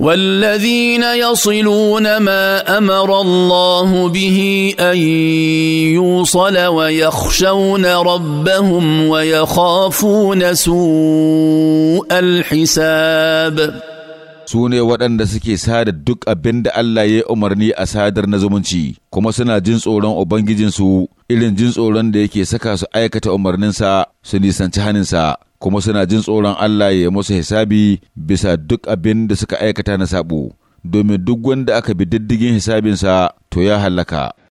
والذين يصلون ما امر الله به ان يوصل ويخشون ربهم ويخافون سوء الحساب su ne waɗanda suke sada duk abin da Allah ya umarni a sadar na zumunci kuma suna jin tsoron ubangijinsu irin jin tsoron da yake saka su aikata umarninsa su nisanci haninsa kuma suna jin tsoron Allah ya musu hisabi bisa duk abin da suka aikata na sabo domin duk wanda aka bi diddigin hisabinsa to ya hallaka